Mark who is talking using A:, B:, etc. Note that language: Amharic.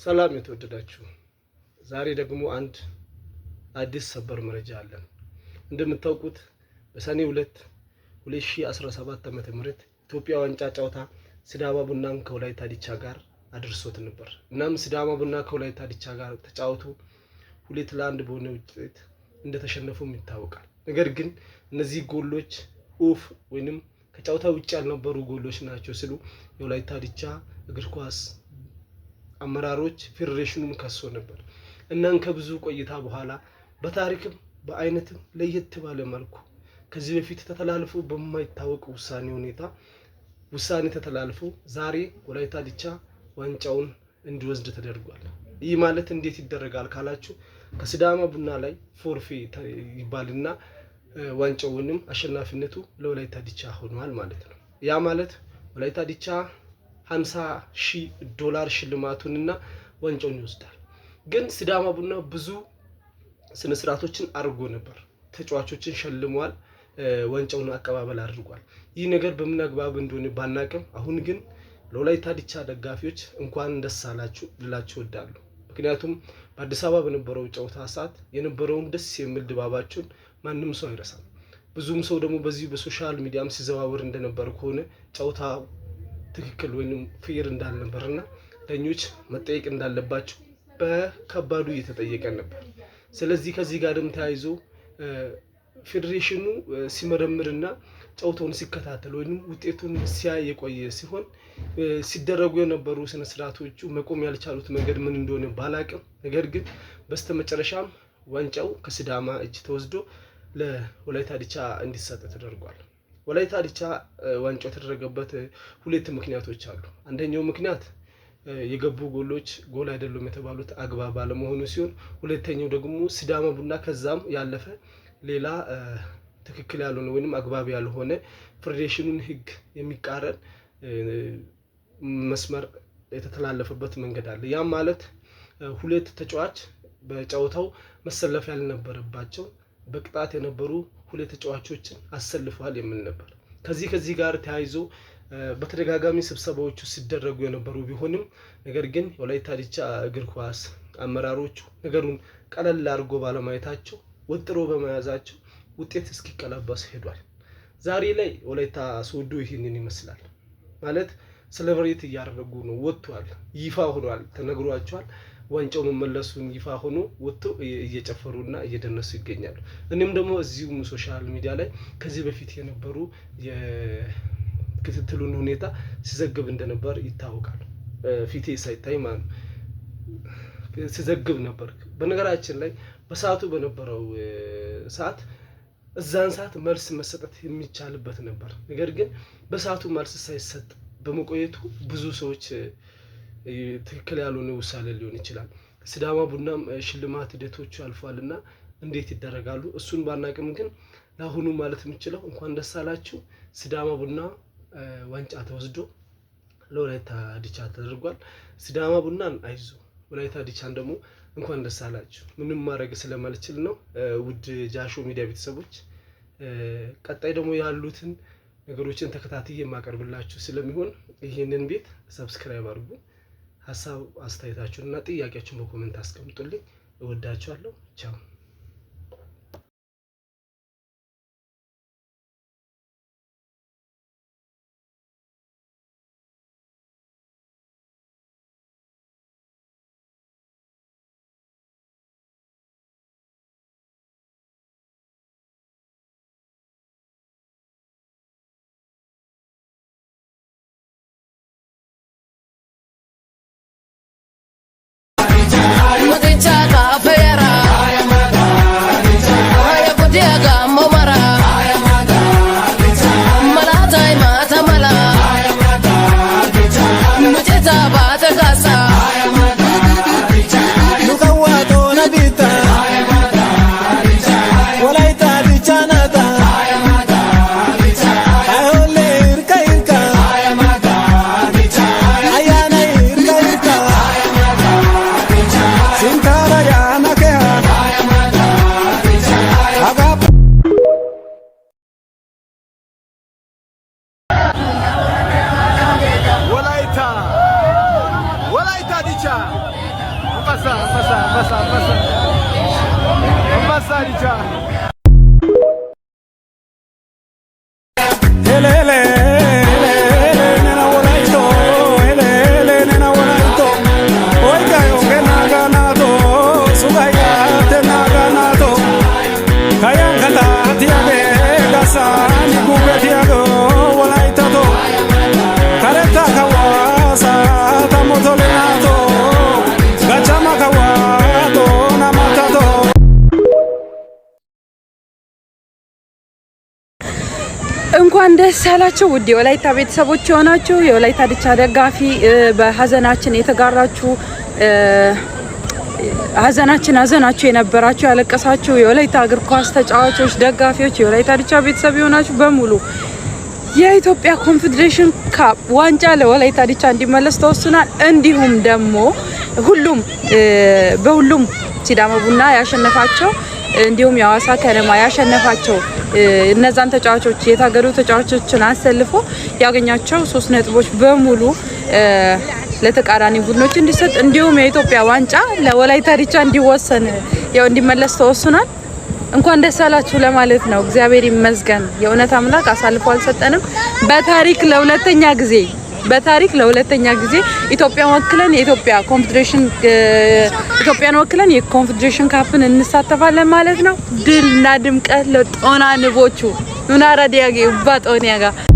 A: ሰላም የተወደዳችሁ፣ ዛሬ ደግሞ አንድ አዲስ ሰበር መረጃ አለን። እንደምታውቁት በሰኔ 2 2017 ዓ.ም ኢትዮጵያ ዋንጫ ጨዋታ ሲዳማ ቡናን ከወላይታ ዲቻ ጋር አድርሶት ነበር። እናም ሲዳማ ቡና ከወላይታ ዲቻ ጋር ተጫውቶ ሁለት ለአንድ በሆነ ውጤት እንደተሸነፉም ይታወቃል። ነገር ግን እነዚህ ጎሎች ኡፍ ወይንም ከጨዋታ ውጭ ያልነበሩ ጎሎች ናቸው ሲሉ የወላይታ ዲቻ እግር ኳስ አመራሮች ፌዴሬሽኑን ከሶ ነበር። እናን ከብዙ ቆይታ በኋላ በታሪክም በአይነትም ለየት ባለ መልኩ ከዚህ በፊት ተተላልፎ በማይታወቅ ውሳኔ ሁኔታ ውሳኔ ተተላልፎ ዛሬ ወላይታ ዲቻ ዋንጫውን እንዲወስድ ተደርጓል። ይህ ማለት እንዴት ይደረጋል ካላችሁ ከስዳማ ቡና ላይ ፎርፌ ይባልና ዋንጫውንም አሸናፊነቱ ለወላይታ ዲቻ ሆኗል ማለት ነው። ያ ማለት ወላይታ ዲቻ 50 ሺህ ዶላር ሽልማቱንና ዋንጫውን ይወስዳል። ግን ሲዳማ ቡና ብዙ ስነስርዓቶችን አድርጎ ነበር። ተጫዋቾችን ሸልሟል። ዋንጫውን አቀባበል አድርጓል። ይህ ነገር በምን አግባብ እንደሆነ ባናቅም፣ አሁን ግን ለወላይታ ዲቻ ደጋፊዎች እንኳን ደስ አላችሁ ልላችሁ እወዳለሁ። ምክንያቱም በአዲስ አበባ በነበረው ጨዋታ ሰዓት የነበረውን ደስ የሚል ድባባችሁን ማንም ሰው አይረሳም። ብዙም ሰው ደግሞ በዚህ በሶሻል ሚዲያም ሲዘዋወር እንደነበረ ከሆነ ጨዋታ ትክክል ወይም ፌር እና ዳኞች መጠየቅ እንዳለባቸው በከባዱ እየተጠየቀ ነበር። ስለዚህ ከዚህ ጋርም ተያይዞ ፌዴሬሽኑ ሲመረምርና ጨውታውን ሲከታተል ወይም ውጤቱን ሲያይ የቆየ ሲሆን ሲደረጉ የነበሩ ስነስርዓቶቹ መቆም ያልቻሉት መንገድ ምን እንደሆነ ባላቅም፣ ነገር ግን በስተመጨረሻም ዋንጫው ከስዳማ እጅ ተወስዶ ለወላይታ ዲቻ እንዲሰጥ ተደርጓል። ወላይታ ዲቻ ዋንጫ የተደረገበት ሁለት ምክንያቶች አሉ። አንደኛው ምክንያት የገቡ ጎሎች ጎል አይደሉም የተባሉት አግባብ ባለመሆኑ ሲሆን፣ ሁለተኛው ደግሞ ሲዳማ ቡና ከዛም ያለፈ ሌላ ትክክል ያልሆነ ወይም አግባብ ያልሆነ ፌዴሬሽኑን ሕግ የሚቃረን መስመር የተተላለፈበት መንገድ አለ። ያም ማለት ሁለት ተጫዋች በጨዋታው መሰለፍ ያልነበረባቸው በቅጣት የነበሩ ሁለት ተጫዋቾችን አሰልፈዋል የሚል ነበር። ከዚህ ከዚህ ጋር ተያይዞ በተደጋጋሚ ስብሰባዎቹ ሲደረጉ የነበሩ ቢሆንም ነገር ግን የወላይታ ዲቻ እግር ኳስ አመራሮቹ ነገሩን ቀለል አድርጎ ባለማየታቸው ወጥሮ በመያዛቸው ውጤት እስኪቀለበስ ሄዷል። ዛሬ ላይ ወላይታ ሶዶ ይህንን ይመስላል ማለት ሴሌብሬት እያደረጉ ነው። ወጥቷል፣ ይፋ ሆኗል፣ ተነግሯቸዋል። ዋንጫው መመለሱን ይፋ ሆኖ ወጥተው እየጨፈሩና እየደነሱ ይገኛሉ። እኔም ደግሞ እዚሁም ሶሻል ሚዲያ ላይ ከዚህ በፊት የነበሩ የክትትሉን ሁኔታ ሲዘግብ እንደነበር ይታወቃል። ፊቴ ሳይታይ ማለት ነው ሲዘግብ ነበር። በነገራችን ላይ በሰዓቱ በነበረው ሰዓት እዛን ሰዓት መልስ መሰጠት የሚቻልበት ነበር። ነገር ግን በሰዓቱ መልስ ሳይሰጥ በመቆየቱ ብዙ ሰዎች ትክክል ያልሆነ ውሳኔ ሊሆን ይችላል። ስዳማ ቡናም ሽልማት ሂደቶች አልፏል እንዴት ይደረጋሉ እሱን ባናቅም ግን ለአሁኑ ማለት የምችለው እንኳን ደስ አላችሁ ስዳማ ቡና ዋንጫ ተወስዶ ለወላይታ ዲቻ ተደርጓል። ስዳማ ቡናን አይዞ ወላይታ ዲቻን ደግሞ እንኳን ደስ አላችሁ። ምንም ማድረግ ስለማልችል ነው። ውድ ጃሾ ሚዲያ ቤተሰቦች ቀጣይ ደግሞ ያሉትን ነገሮችን ተከታትዬ የማቀርብላችሁ ስለሚሆን ይህንን ቤት ሰብስክራይብ አድርጉ። ሀሳብ አስተያየታችሁንና ጥያቄያችሁን በኮሜንት አስቀምጡልኝ። እወዳችኋለሁ። ቻው Mari já. እንኳን ደስ ያላችሁ ውድ የወላይታ ቤተሰቦች የሆናችሁ የወላይታ ድቻ ደጋፊ በሀዘናችን የተጋራችሁ ሀዘናችን ሀዘናችሁ የነበራችሁ ያለቀሳችሁ የወላይታ እግር ኳስ ተጫዋቾች ደጋፊዎች የወላይታ ድቻ ቤተሰብ የሆናችሁ በሙሉ የኢትዮጵያ ኮንፌዴሬሽን ካፕ ዋንጫ ለወላይታ ድቻ እንዲመለስ ተወስኗል። እንዲሁም ደግሞ ሁሉም በሁሉም ሲዳማ ቡና ያሸነፋቸው እንዲሁም የሀዋሳ ከነማ ያሸነፋቸው እነዛን ተጫዋቾች የታገዱ ተጫዋቾችን አሰልፎ ያገኛቸው ሶስት ነጥቦች በሙሉ ለተቃራኒ ቡድኖች እንዲሰጥ እንዲሁም የኢትዮጵያ ዋንጫ ለወላይታ ዲቻ እንዲወሰን ያው እንዲመለስ ተወስኗል። እንኳን ደስ አላችሁ ለማለት ነው። እግዚአብሔር ይመስገን። የእውነት አምላክ አሳልፎ አልሰጠንም። በታሪክ ለሁለተኛ ጊዜ በታሪክ ለሁለተኛ ጊዜ ኢትዮጵያን ወክለን የኢትዮጵያ ኮንፌዴሬሽን ኢትዮጵያን ወክለን የኮንፌዴሬሽን ካፕን እንሳተፋለን ማለት ነው። ድል እና ድምቀት ለጦና ንቦቹ ኑና ራዲያጌ ባ ጋር